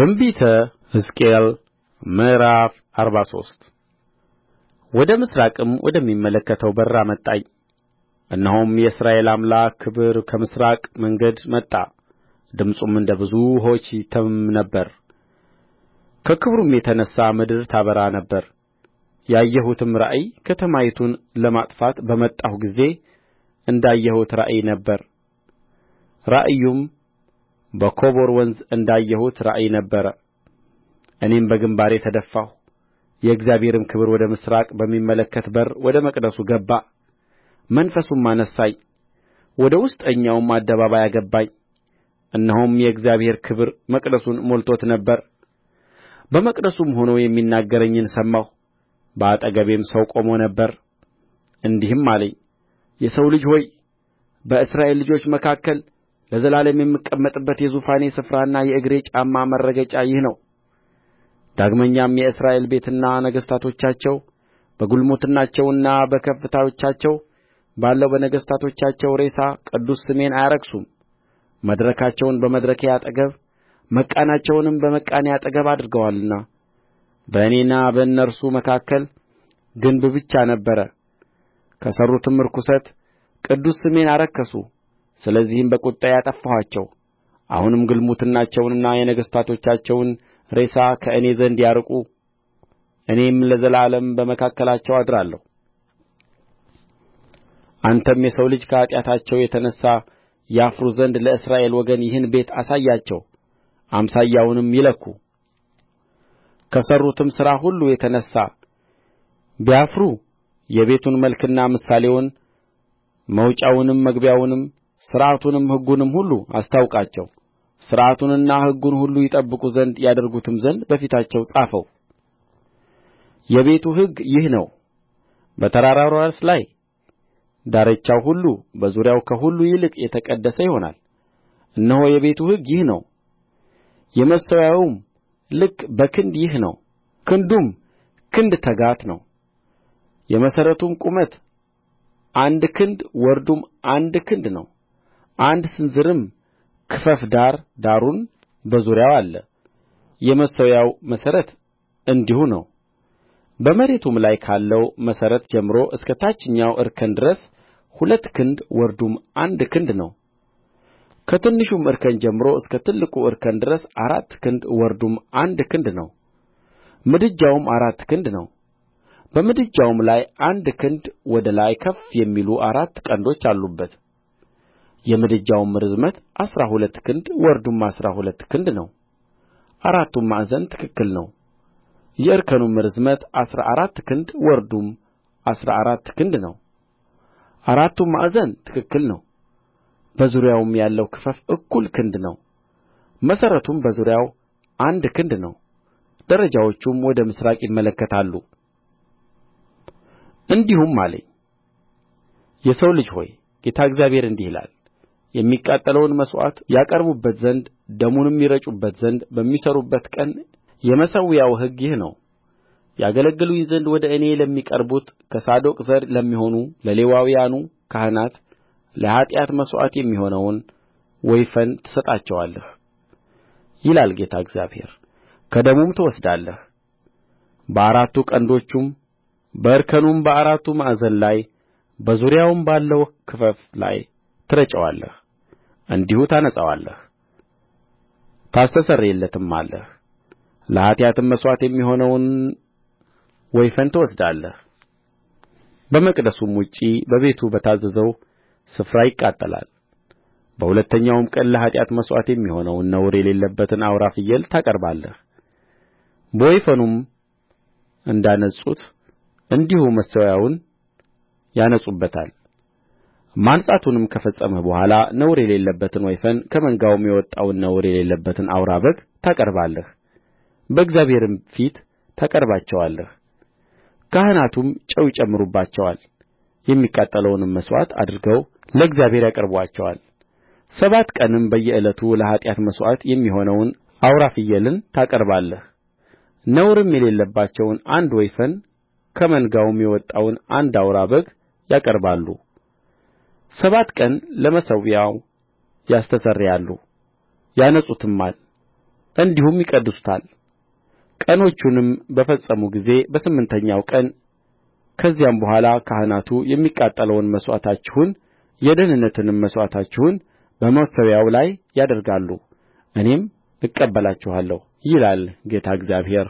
ትንቢተ ሕዝቅኤል ምዕራፍ አርባ ሶስት ወደ ምሥራቅም ወደሚመለከተው በር አመጣኝ እነሆም የእስራኤል አምላክ ክብር ከምሥራቅ መንገድ መጣ ድምፁም እንደ ብዙ ውኆች ይተምም ነበር ከክብሩም የተነሣ ምድር ታበራ ነበር ያየሁትም ራእይ ከተማይቱን ለማጥፋት በመጣሁ ጊዜ እንዳየሁት ራእይ ነበረ ራእዩም በኮቦር ወንዝ እንዳየሁት ራእይ ነበረ እኔም በግምባሬ ተደፋሁ የእግዚአብሔርም ክብር ወደ ምሥራቅ በሚመለከት በር ወደ መቅደሱ ገባ መንፈሱም አነሣኝ ወደ ውስጠኛውም አደባባይ አገባኝ እነሆም የእግዚአብሔር ክብር መቅደሱን ሞልቶት ነበር በመቅደሱም ሆኖ የሚናገረኝን ሰማሁ በአጠገቤም ሰው ቆሞ ነበር እንዲህም አለኝ የሰው ልጅ ሆይ በእስራኤል ልጆች መካከል ለዘላለም የምቀመጥበት የዙፋኔ ስፍራና የእግሬ ጫማ መረገጫ ይህ ነው ዳግመኛም የእስራኤል ቤትና ነገሥታቶቻቸው በግልሙትናቸውና በከፍታዎቻቸው ባለው በነገሥታቶቻቸው ሬሳ ቅዱስ ስሜን አያረክሱም መድረካቸውን በመድረኬ አጠገብ መቃናቸውንም በመቃኔ አጠገብ አድርገዋልና በእኔና በእነርሱ መካከል ግንብ ብቻ ነበረ ከሠሩትም ርኵሰት ቅዱስ ስሜን አረከሱ ስለዚህም በቍጣዬ አጠፋኋቸው አሁንም ግልሙትናቸውንና የነገሥታቶቻቸውን ሬሳ ከእኔ ዘንድ ያርቁ እኔም ለዘላለም በመካከላቸው አድራለሁ አንተም የሰው ልጅ ከኃጢአታቸው የተነሣ ያፍሩ ዘንድ ለእስራኤል ወገን ይህን ቤት አሳያቸው አምሳያውንም ይለኩ ከሠሩትም ሥራ ሁሉ የተነሣ ቢያፍሩ የቤቱን መልክና ምሳሌውን መውጫውንም መግቢያውንም ሥርዓቱንም ሕጉንም ሁሉ አስታውቃቸው ሥርዓቱንና ሕጉን ሁሉ ይጠብቁ ዘንድ ያደርጉትም ዘንድ በፊታቸው ጻፈው የቤቱ ሕግ ይህ ነው በተራራው ራስ ላይ ዳርቻው ሁሉ በዙሪያው ከሁሉ ይልቅ የተቀደሰ ይሆናል እነሆ የቤቱ ሕግ ይህ ነው የመሠዊያውም ልክ በክንድ ይህ ነው ክንዱም ክንድ ተጋት ነው የመሠረቱም ቁመት አንድ ክንድ ወርዱም አንድ ክንድ ነው አንድ ስንዝርም ክፈፍ ዳር ዳሩን በዙሪያው አለ የመሠዊያው መሠረት እንዲሁ ነው በመሬቱም ላይ ካለው መሠረት ጀምሮ እስከ ታችኛው እርከን ድረስ ሁለት ክንድ ወርዱም አንድ ክንድ ነው ከትንሹም እርከን ጀምሮ እስከ ትልቁ እርከን ድረስ አራት ክንድ ወርዱም አንድ ክንድ ነው ምድጃውም አራት ክንድ ነው በምድጃውም ላይ አንድ ክንድ ወደ ላይ ከፍ የሚሉ አራት ቀንዶች አሉበት የምድጃውም ርዝመት አሥራ ሁለት ክንድ ወርዱም አሥራ ሁለት ክንድ ነው አራቱም ማዕዘን ትክክል ነው የእርከኑም ርዝመት አሥራ አራት ክንድ ወርዱም አሥራ አራት ክንድ ነው አራቱም ማዕዘን ትክክል ነው በዙሪያውም ያለው ክፈፍ እኩል ክንድ ነው መሠረቱም በዙሪያው አንድ ክንድ ነው ደረጃዎቹም ወደ ምሥራቅ ይመለከታሉ እንዲሁም አለኝ የሰው ልጅ ሆይ ጌታ እግዚአብሔር እንዲህ ይላል የሚቃጠለውን መሥዋዕት ያቀርቡበት ዘንድ ደሙንም ይረጩበት ዘንድ በሚሠሩበት ቀን የመሠዊያው ሕግ ይህ ነው ያገለግሉኝ ዘንድ ወደ እኔ ለሚቀርቡት ከሳዶቅ ዘር ለሚሆኑ ለሌዋውያኑ ካህናት ለኃጢአት መሥዋዕት የሚሆነውን ወይፈን ትሰጣቸዋለህ ይላል ጌታ እግዚአብሔር ከደሙም ትወስዳለህ በአራቱ ቀንዶቹም በእርከኑም በአራቱ ማዕዘን ላይ በዙሪያውም ባለው ክፈፍ ላይ ትረጨዋለህ እንዲሁ ታነጻዋለህ ታስተሰርይለትማለህ ለኃጢአትም መሥዋዕት የሚሆነውን ወይፈን ትወስዳለህ በመቅደሱም ውጭ በቤቱ በታዘዘው ስፍራ ይቃጠላል በሁለተኛውም ቀን ለኃጢአት መሥዋዕት የሚሆነውን ነውር የሌለበትን አውራ ፍየል ታቀርባለህ በወይፈኑም እንዳነጹት እንዲሁ መሠዊያውን ያነጹበታል ማንጻቱንም ከፈጸምህ በኋላ ነውር የሌለበትን ወይፈን ከመንጋውም የወጣውን ነውር የሌለበትን አውራ በግ ታቀርባለህ በእግዚአብሔርም ፊት ታቀርባቸዋለህ ካህናቱም ጨው ይጨምሩባቸዋል የሚቃጠለውንም መሥዋዕት አድርገው ለእግዚአብሔር ያቀርቡአቸዋል ሰባት ቀንም በየዕለቱ ለኃጢአት መሥዋዕት የሚሆነውን አውራ ፍየልን ታቀርባለህ ነውርም የሌለባቸውን አንድ ወይፈን ከመንጋውም የወጣውን አንድ አውራ በግ ያቀርባሉ ሰባት ቀን ለመሠዊያው ያስተሰርያሉ ያነጹትማል እንዲሁም ይቀድሱታል ቀኖቹንም በፈጸሙ ጊዜ በስምንተኛው ቀን ከዚያም በኋላ ካህናቱ የሚቃጠለውን መሥዋዕታችሁን የደኅንነትንም መሥዋዕታችሁን በመሠዊያው ላይ ያደርጋሉ እኔም እቀበላችኋለሁ ይላል ጌታ እግዚአብሔር